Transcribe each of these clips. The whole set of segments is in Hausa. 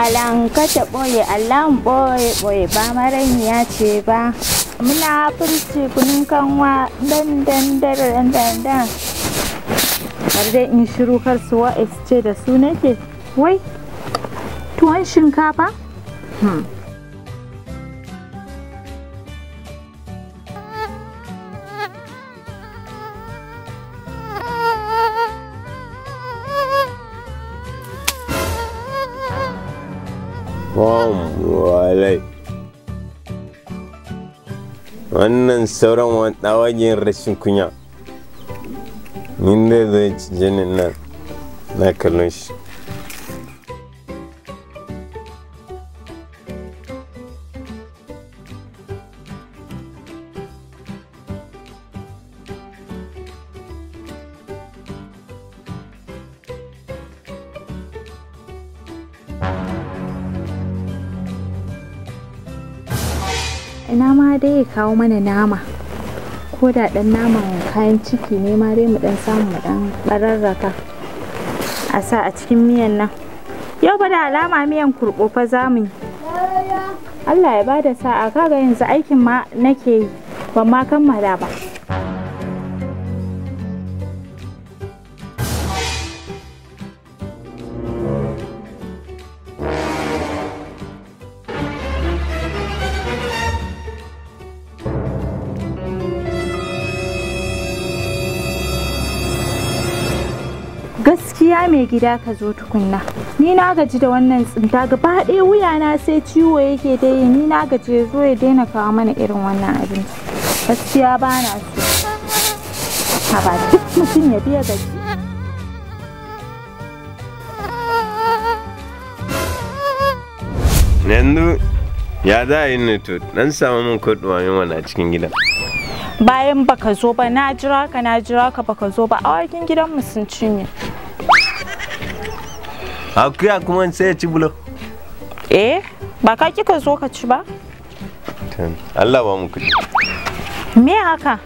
alan kata boye alan boye boye ba ya ce ba muna furci kunin kanwa dan dan dan dan dan har dai in shiru kar su wa ce da su nake wai tuwon shinkafa hmm. walai wannan sauran wani ɗawagen rashin kunya ni zai zai jinin nan na kallon shi ina ma dai ya kawo mana nama ko da ɗan naman kayan ciki ne ma dai mu ɗan samu mu ɗan ɓararraka a sa a cikin miyan nan yau ba da alama miyan kurɓo fa za mu yi Allah ya bada sa'a kaga yanzu aikin ma nake yi ban ma kammala ba gaskiya mai gida ka zo tukunna ni na gaji da wannan tsinta gaba ɗaya wuyana sai ciwo yake dai ni na gaji ya zo ya daina kawo mana irin wannan abinci gaskiya ba na so ba duk mutum ya biya gaji yanzu ya za a yi nan samu min kuɗi wani a cikin gida. bayan baka zo ba na jira ka na jira ka baka zo ba awakin gidanmu sun ci cinye akuya kuma sai ya ci bulo eh ba ka kika zo ka ci ba Allah ba mu kuɗi me haka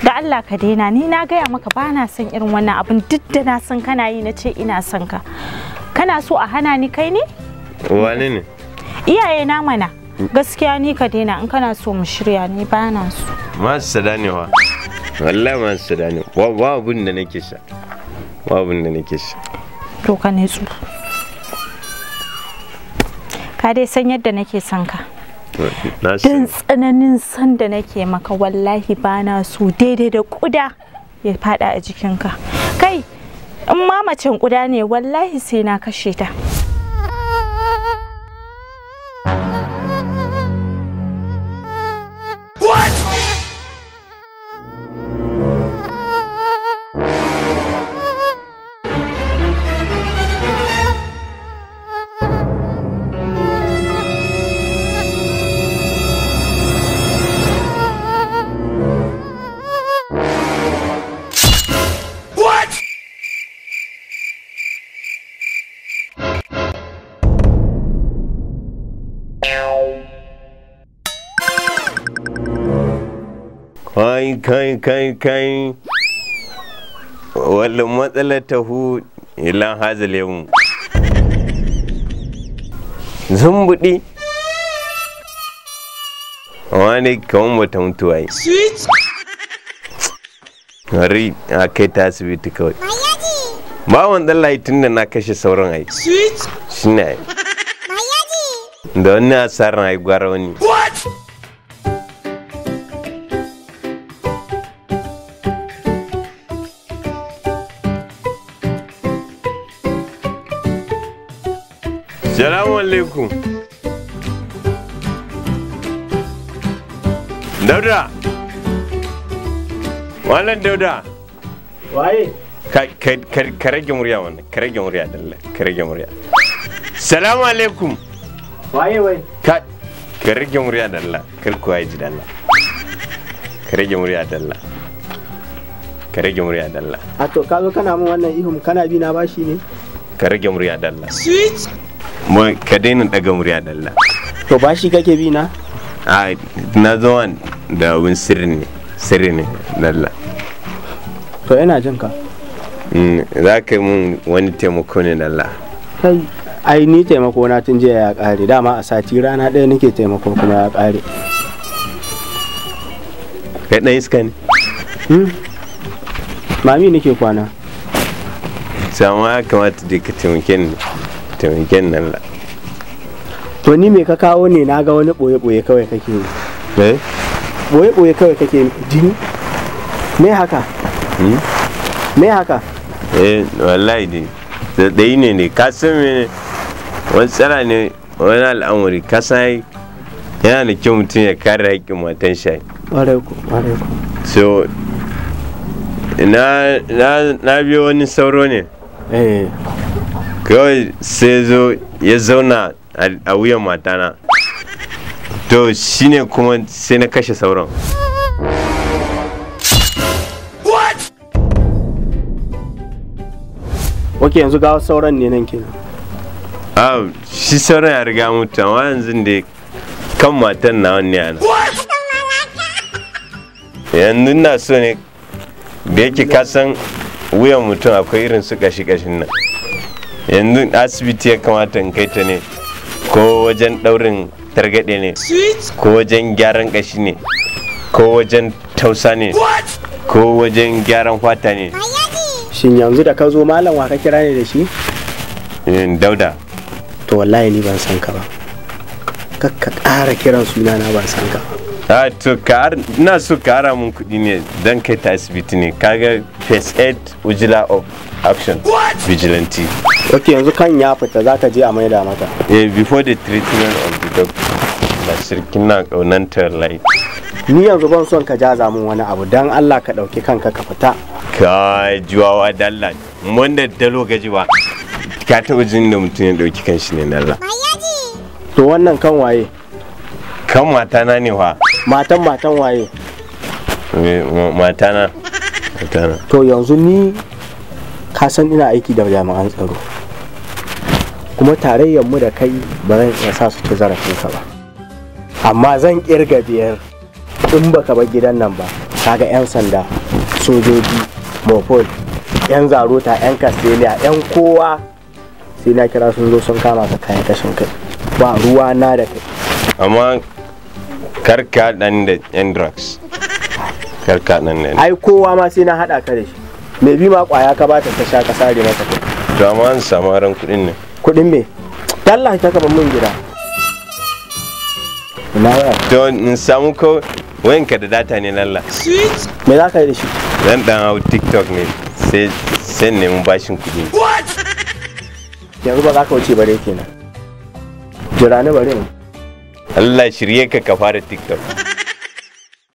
da Allah ka daina ni na gaya maka ba na son irin wannan abin duk da na san kana yi na ce ina son ka kana so a hana ni kai ne wane ne iyaye na mana gaskiya ni ka daina in kana so mu shirya ni ba na so masu sadanewa wallahi masu sadanewa ba abun da nake sha ba abun da nake sha to ka ne tsu ka dai san yadda nake son ka don tsananin san da nake maka wallahi ba na so daidai da kuda ya fada a jikinka kai in mamacin kuda ne wallahi sai na kashe ta kai kai kai kai wallin matsalar hu ilan hazile mu zumbuɗi wani kawon bata mutuwa yi hari a kai ta asibiti kawai Ba ɗan layi tun da na kashe sauran ai shi ne da wani asarar ai gwara wani alaikum. Dauda. Malam Dauda. Waye? kare rage murya wannan, kare rage murya dalla, kare rage murya. Salamu alaikum. Waye wai? Ka ka rage murya dalla, kar kuwa ji dalla. kare rage murya dalla. kare rage murya dalla. A to ka zo kana mun wannan ihun kana bi na bashi ne? kare rage murya dalla. ka daina daga murya dalla to ba shi kake bi na a na zo da wun sirri ne sirri ne dalla to yana jin ka mm, za ka yi mun wani taimako ne dalla kai ai ni taimako na tun jiya ya kare dama a sati rana ɗaya nake taimako kuma ya kare kai ɗan iska ne hmm? mami nake kwana sama ya kamata da ka taimake ni taimaken nan la to ni me ka kawo ne na ga wani ɓoye-ɓoye kawai kake yi eh ɓoye-ɓoye kawai kake jini me haka hmm? me haka eh wallahi dai da ɗai ne ne ka san ne, wani tsara ne wani al'amuri ka san yana da kyau mutum ya kare haƙƙin matan shi so na biyo wani sauro ne eh. kawai sai zo ya zauna a wuyan matana to shine kuma sai na kashe sauran ok yanzu gawa sauran ne nan kenan ah shi sauran ya riga mutu amma yanzu da kan matan na wani yana yanzu na so ne da yake kasan wuyan mutum akwai irin su kashi-kashin nan yanzu asibiti ya kamata in kai ta ne ko wajen daurin targaɗe ne ko wajen gyaran ƙashi ne ko wajen tausa ne ko wajen gyaran fata ne shin yanzu da ka zo malam wa ka kira ne da shi eh, dauda to wallahi ni ban san ka ba kakka ƙara kiran suna na ban san ka a to na so kara mun kuɗi ne don kai ta asibiti ne kaga first aid ujila of action vigilante ok yanzu kan ya fita za ta je a maida mata eh before the treatment of the dog na kina kaunantar light. ni yanzu ban son ka jaza mun wani abu dan Allah ka dauki kanka ka fita ka juwawa dallan mun da dalo ba? ka taba jin da mutum ya dauki kanshi ne Allah to wannan kan waye kan matana ne wa matan matan waye matana matana to yanzu ni ka san ina aiki da jami'an tsaro kuma tarayyar mu da kai ba zan iya sa su ci ka ba amma zan kirga biyar in baka bar gidan nan ba kaga 'yan sanda sojoji mofol 'yan zarota 'yan kasteliya 'yan kowa sai na kira sun zo sun kama ka kayan kashin kai ba ruwa na da kai amma karka dan da 'yan drugs karka dan da ai kowa ma sai na hada ka da shi Me bi ma kwaya ka ba ta sha ka sare maka to amma an kudin ne. kudin me Allah ta kaba mun gida ina waya don in samu ko wayanka da data ne lalla me za ka yi da shi zan dan hau tiktok ne sai sai mun bashin kuɗi yanzu ba za ka wuce bare kenan jira ni bare Allah shirye ka ka fara tiktok